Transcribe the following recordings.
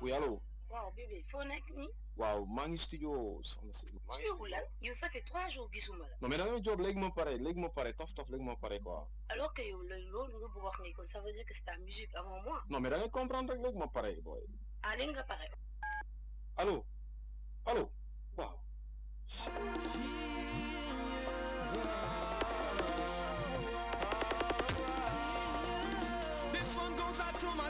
oui allô Waouh, bébé foo nekk Waouh, mangi studio soxna si studio hein? ça fait trois jours gisuma mal. non mais le job léegi ma pare léegi ma pare tof tof léegi ma pare quoi alors que le loolu nga bëgg ni quoi, ça veut dire que c'est ta musique avant moi non mais dans le comprendre rek léegi ma boy ah léegi nga pare allô allô waaw to my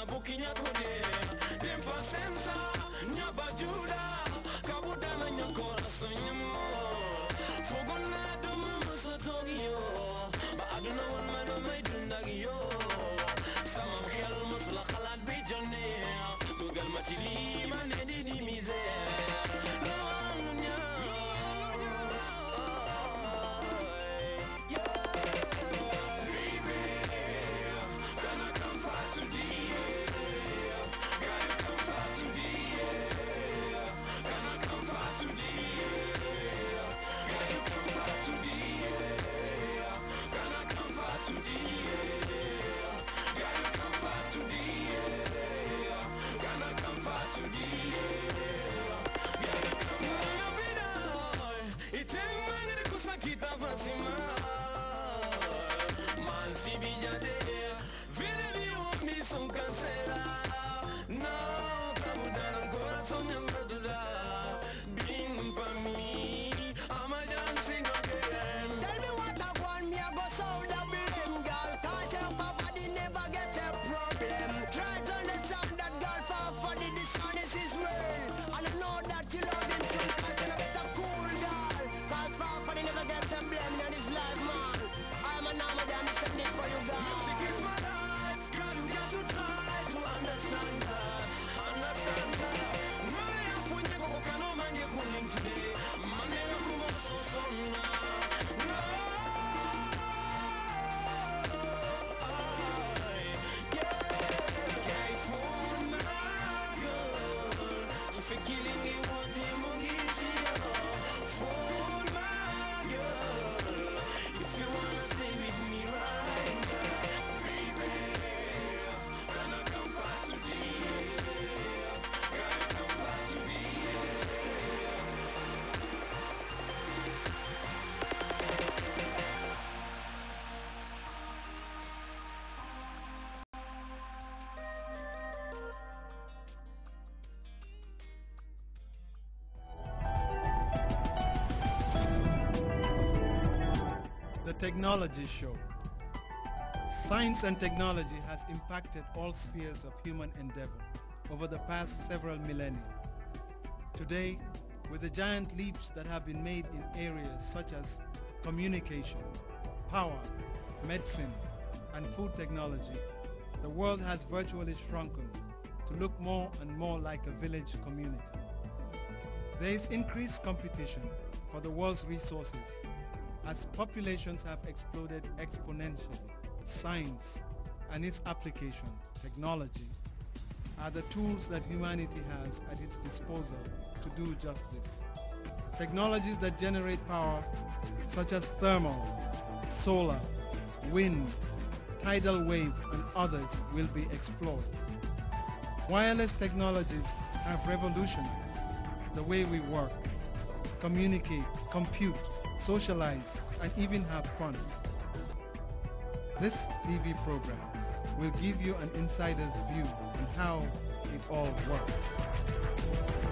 nabukinya kudea tempa sensa nyabajuda kabudana nyakola sonyemo fogona domo masotogiyo ba aduna wan mano mai dundagiyo sama khel musla khalat bi jonne dugal machili manedi próxima Man, se bilha de Vida de homem some cancer. Technology Show. Science and technology has impacted all spheres of human endeavor over the past several millennia. Today, with the giant leaps that have been made in areas such as communication, power, medicine, and food technology, the world has virtually shrunken to look more and more like a village community. There is increased competition for the world's resources as populations have exploded exponentially, science and its application, technology, are the tools that humanity has at its disposal to do just this. Technologies that generate power, such as thermal, solar, wind, tidal wave, and others will be explored. Wireless technologies have revolutionized the way we work, communicate, compute, socialize, and even have fun. This TV program will give you an insider's view on how it all works.